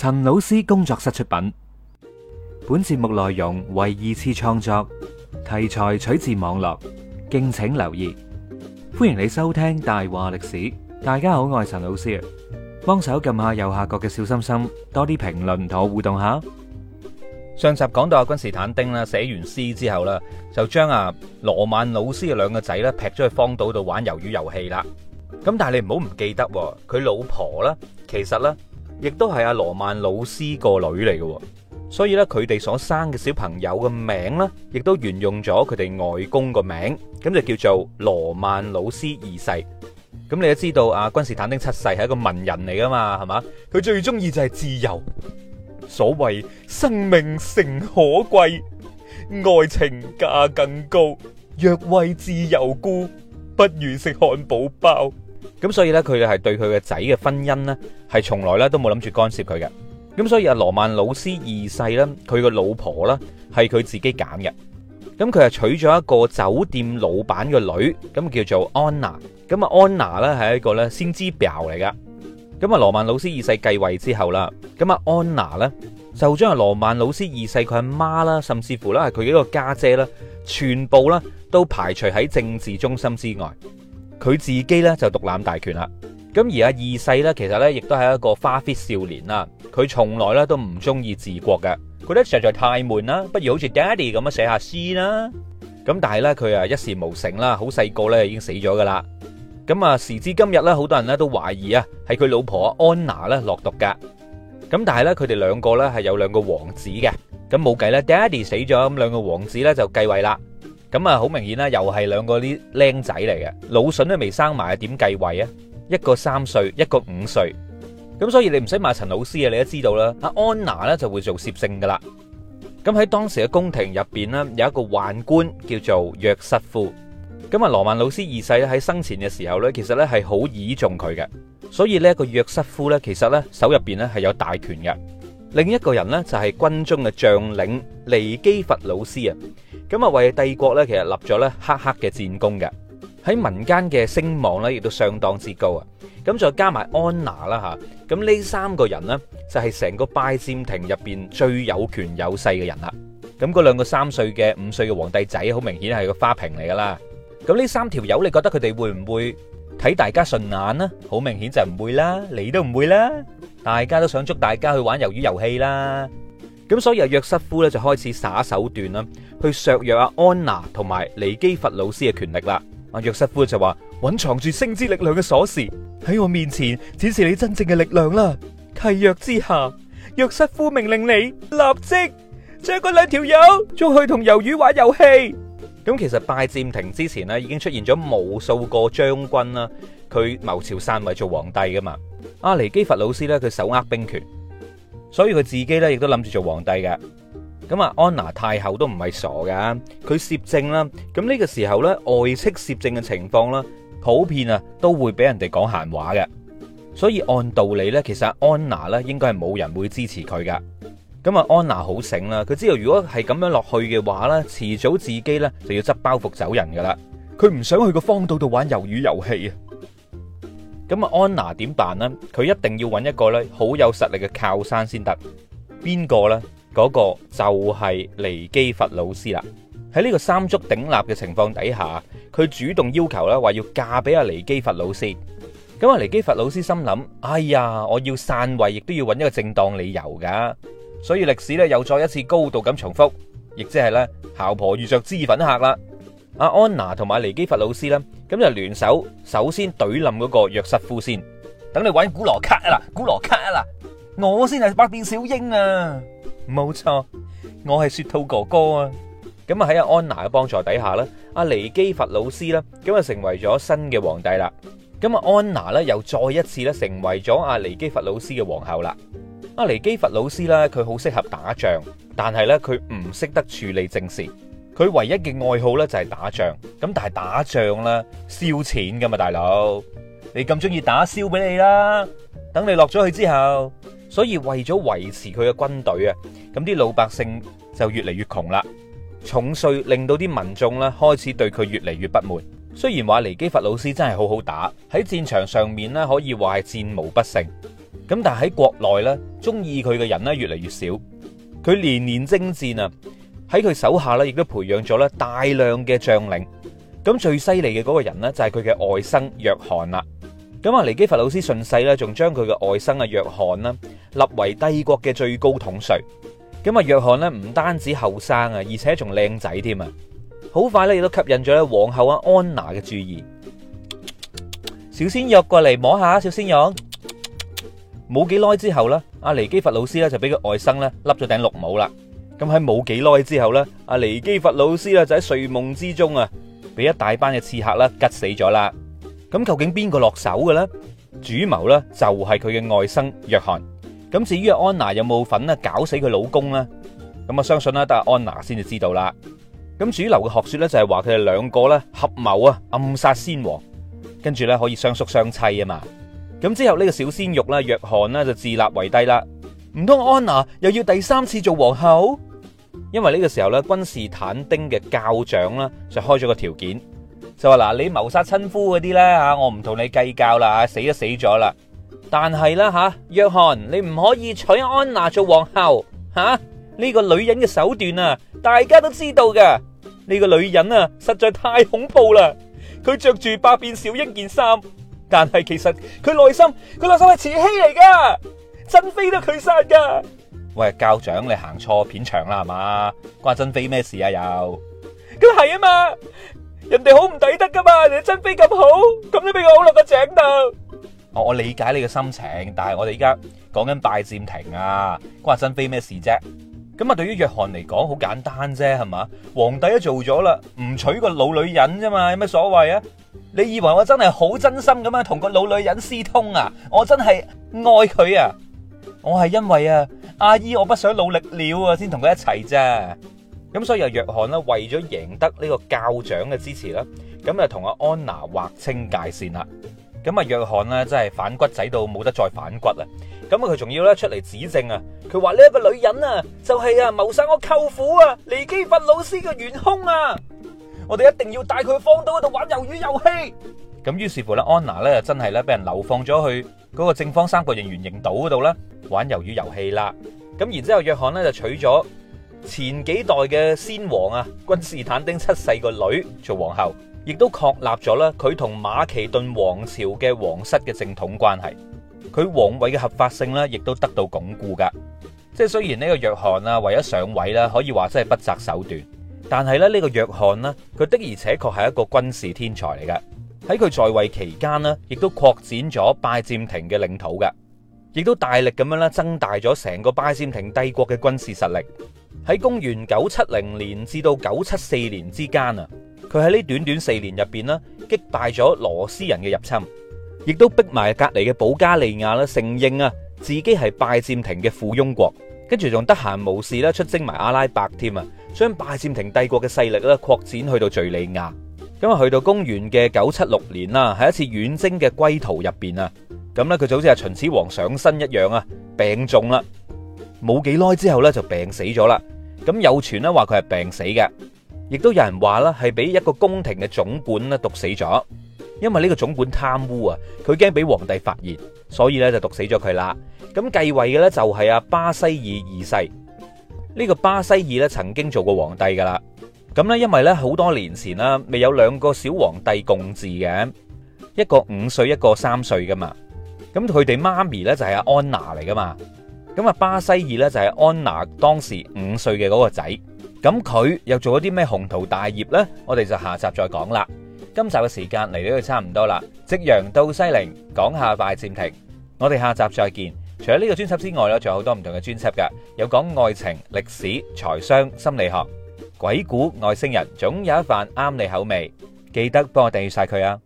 陳老師工作室出品，本節目內容為二次創作，題材取自網絡，敬請留意。歡迎你收聽大話歷史。大家好，我係陳老師啊，幫手撳下右下角嘅小心心，多啲評論同我互動下。上集講到阿君士坦丁啦，寫完詩之後啦，就將啊羅曼老師嘅兩個仔咧，劈咗去荒島度玩魷魚遊戲啦。咁但係你唔好唔記得，佢老婆啦，其實啦。亦都係阿羅曼魯斯個女嚟嘅，所以咧佢哋所生嘅小朋友嘅名咧，亦都沿用咗佢哋外公個名，咁就叫做羅曼魯斯二世。咁你都知道阿君士坦丁七世係一個文人嚟噶嘛，係嘛？佢最中意就係自由。所謂生命誠可貴，愛情價更高，若為自由故，不如食漢堡包。咁所以呢，佢係對佢嘅仔嘅婚姻呢，係從來咧都冇諗住干涉佢嘅。咁所以阿羅曼老師二世呢，佢個老婆呢，係佢自己揀嘅。咁佢係娶咗一個酒店老闆嘅女，咁叫做安娜。咁啊，安娜呢，係一個呢先知婊嚟噶。咁啊，羅曼老師二世繼位之後啦，咁啊，安娜呢，就將阿羅曼老師二世佢阿媽啦，甚至乎呢，係，佢一個家姐啦，全部呢，都排除喺政治中心之外。佢自己咧就獨攬大權啦，咁而阿二世咧，其實咧亦都係一個花 fit 少年啦，佢從來咧都唔中意治國嘅，佢咧實在太悶啦，不如好似爹哋咁樣寫下詩啦，咁但係咧佢啊一事無成啦，好細個咧已經死咗噶啦，咁啊時至今日咧，好多人咧都懷疑啊係佢老婆安娜咧落毒噶，咁但係咧佢哋兩個咧係有兩個王子嘅，咁冇計啦，爹哋死咗，咁兩個王子咧就繼位啦。咁啊，好明顯啦，又係兩個啲僆仔嚟嘅，腦囟都未生埋啊，點繼位啊？一個三歲，一個五歲，咁所以你唔使問陳老師啊，你都知道啦。阿安娜咧就會做攝政㗎喇。咁喺當時嘅宮廷入面呢，有一個宦官叫做約瑟夫。咁啊，羅曼老師二世咧喺生前嘅時候呢，其實呢係好倚重佢嘅，所以呢個約瑟夫呢，其實呢手入面呢係有大權嘅。另一個人咧就係軍中嘅將領尼基佛老師啊，咁啊為帝國咧其實立咗咧黑黑嘅戰功嘅，喺民間嘅聲望咧亦都相當之高啊！咁再加埋安娜啦嚇，咁呢三個人咧就係成個拜占庭入邊最有權有勢嘅人啦。咁嗰兩個三歲嘅五歲嘅皇帝仔好明顯係個花瓶嚟噶啦。咁呢三條友，你覺得佢哋會唔會睇大家順眼呢？好明顯就唔會啦，你都唔會啦。大家都想捉大家去玩魷魚遊戲啦，咁所以阿約什夫約瑟夫咧就開始耍手段啦，去削弱阿安娜同埋尼基弗魯斯嘅權力啦。阿約瑟夫就話：蘊藏住星之力量嘅鎖匙，喺我面前展示你真正嘅力量啦。契約之下，約瑟夫命令你立即將嗰兩條友捉去同魷魚玩遊戲。咁其實拜占庭之前咧已經出現咗無數個將軍啦，佢謀朝篡位做皇帝噶嘛。阿尼基佛老師咧，佢手握兵權，所以佢自己咧亦都諗住做皇帝嘅。咁啊，安娜太后都唔係傻噶，佢攝政啦。咁、這、呢個時候咧，外戚攝政嘅情況啦，普遍啊都會俾人哋講閒話嘅。所以按道理咧，其實安娜咧應該係冇人會支持佢噶。咁啊，安娜好醒啦，佢知道如果係咁樣落去嘅話咧，遲早自己咧就要執包袱走人噶啦。佢唔想去個荒島度玩魷魚遊戲啊！咁啊，安娜點辦咧？佢一定要揾一個咧好有實力嘅靠山先得。邊個咧？嗰個就係尼基佛老師啦。喺呢個三足鼎立嘅情況底下，佢主動要求啦，話要嫁俾阿尼基佛老師。咁阿尼基佛老師心諗：哎呀，我要篡位，亦都要揾一個正當理由噶。所以歷史咧又再一次高度咁重複，亦即係咧姣婆遇着脂粉客啦。阿安娜同埋尼基佛老師咧，咁就聯手首先懟冧嗰個約瑟夫先，等你搵古羅卡啊嗱，古羅卡啊嗱，我先係百變小櫻啊，冇錯，我係雪兔哥哥啊，咁啊喺阿安娜嘅幫助底下啦，阿尼基佛老師咧，咁啊成為咗新嘅皇帝啦，咁啊安娜咧又再一次咧成為咗阿尼基佛老師嘅皇后啦，阿尼基佛老師咧佢好適合打仗，但係咧佢唔識得處理政事。佢唯一嘅愛好呢，就係打仗，咁但係打仗啦，燒錢噶嘛，大佬，你咁中意打燒俾你啦，等你落咗去之後，所以為咗維持佢嘅軍隊啊，咁啲老百姓就越嚟越窮啦，重稅令到啲民眾呢，開始對佢越嚟越不滿。雖然話尼基佛老師真係好好打，喺戰場上面呢，可以話係戰無不勝，咁但係喺國內呢，中意佢嘅人呢越嚟越少，佢年年征戰啊。喺佢手下咧，亦都培養咗咧大量嘅將領。咁最犀利嘅嗰個人咧，就係佢嘅外甥約翰啦。咁阿尼基弗老師順勢咧，仲將佢嘅外甥啊約翰啦立為帝國嘅最高統帥。咁啊約翰咧唔單止後生啊，而且仲靚仔添啊！好快咧，亦都吸引咗咧皇后啊安娜嘅注意。小鮮肉過嚟摸下，小鮮肉。冇幾耐之後咧，阿尼基弗老師咧就俾佢外甥咧笠咗頂綠帽啦。咁喺冇幾耐之後咧，阿尼基佛老師啦就喺睡夢之中啊，俾一大班嘅刺客啦吉死咗啦。咁究竟邊個落手嘅咧？主謀咧就係佢嘅外甥約翰。咁至於阿安娜有冇份咧搞死佢老公咧？咁啊，相信咧，得阿安娜先就知道啦。咁主流嘅學說咧就係話佢哋兩個咧合謀啊暗殺先王，跟住咧可以相宿相棲啊嘛。咁之後呢個小鮮肉啦，約翰啦就自立為帝啦。唔通安娜又要第三次做皇后？因為呢個時候咧，君士坦丁嘅教長啦，就開咗個條件，就話嗱，你謀殺親夫嗰啲咧吓，我唔同你計較啦，死都死咗啦。但係啦吓，約翰，你唔可以娶安娜做皇后吓。呢個女人嘅手段啊，大家都知道噶。呢個女人啊，實在太恐怖啦。佢着住百變小櫻件衫，但係其實佢內心佢內心係慈禧嚟噶，珍妃都佢殺噶。喂，校長，你行錯片場啦，係嘛？關珍妃咩事啊？又咁係啊嘛，人哋好唔抵得噶嘛？人哋珍妃咁好，咁你俾我好落個井度。我我理解你嘅心情，但係我哋依家講緊拜占庭啊，關珍妃咩事啫？咁啊，對於約翰嚟講好簡單啫，係嘛？皇帝都做咗啦，唔娶個老女人啫嘛，有咩所謂啊？你以為我真係好真心咁樣同個老女人私通啊？我真係愛佢啊，我係因為啊。阿姨，我不想努力了啊，先同佢一齊啫。咁所以由約翰啦，為咗贏得呢個教長嘅支持啦，咁啊同阿安娜劃清界線啦。咁啊，約翰咧真係反骨仔到冇得再反骨啊。咁啊，佢仲要咧出嚟指證啊。佢話呢一個女人啊，就係、是、啊謀殺我舅父啊，尼基弗老師嘅元凶啊。我哋一定要帶佢去荒島嗰度玩魷魚遊戲。咁於是乎咧，安娜咧就真係咧俾人流放咗去嗰個正方三角形圓形島嗰度啦，玩魷魚遊戲啦。咁然之後，約翰咧就娶咗前幾代嘅先王啊君士坦丁七世個女做皇后，亦都確立咗啦佢同馬其頓王朝嘅皇室嘅正統關係，佢皇位嘅合法性咧亦都得到鞏固噶。即係雖然呢個約翰啊為咗上位啦，可以話真係不擇手段，但係咧呢個約翰咧佢的而且確係一個軍事天才嚟噶。喺佢在位期間呢亦都擴展咗拜占庭嘅領土嘅，亦都大力咁樣咧增大咗成個拜占庭帝國嘅軍事實力。喺公元九七零年至到九七四年之間啊，佢喺呢短短四年入邊咧擊敗咗羅斯人嘅入侵，亦都逼埋隔離嘅保加利亞啦承認啊自己係拜占庭嘅附庸國，跟住仲得閒無事咧出征埋阿拉伯添啊，將拜占庭帝國嘅勢力咧擴展去到敘利亞。咁啊，去到公元嘅九七六年啦，喺一次遠征嘅歸途入邊啊，咁咧佢就好似阿秦始皇上身一樣啊，病重啦，冇幾耐之後咧就病死咗啦。咁有傳咧話佢係病死嘅，亦都有人話啦係俾一個宮廷嘅總管咧毒死咗，因為呢個總管貪污啊，佢驚俾皇帝發現，所以咧就毒死咗佢啦。咁繼位嘅咧就係阿巴西爾二世，呢個巴西爾咧曾經做過皇帝噶啦。咁咧，因為咧好多年前啦，未有兩個小皇帝共治嘅，一個五歲，一個三歲噶嘛。咁佢哋媽咪咧就係阿安娜嚟噶嘛。咁啊巴西爾咧就係安娜當時五歲嘅嗰個仔。咁佢又做咗啲咩鴻圖大業呢？我哋就下集再講啦。今集嘅時間嚟到都差唔多啦。夕陽到西陵，講下拜占庭。我哋下集再見。除咗呢個專輯之外呢，仲有好多唔同嘅專輯㗎，有講愛情、歷史、財商、心理學。鬼故、外星人總有一款啱你口味，記得幫我訂閱晒佢啊！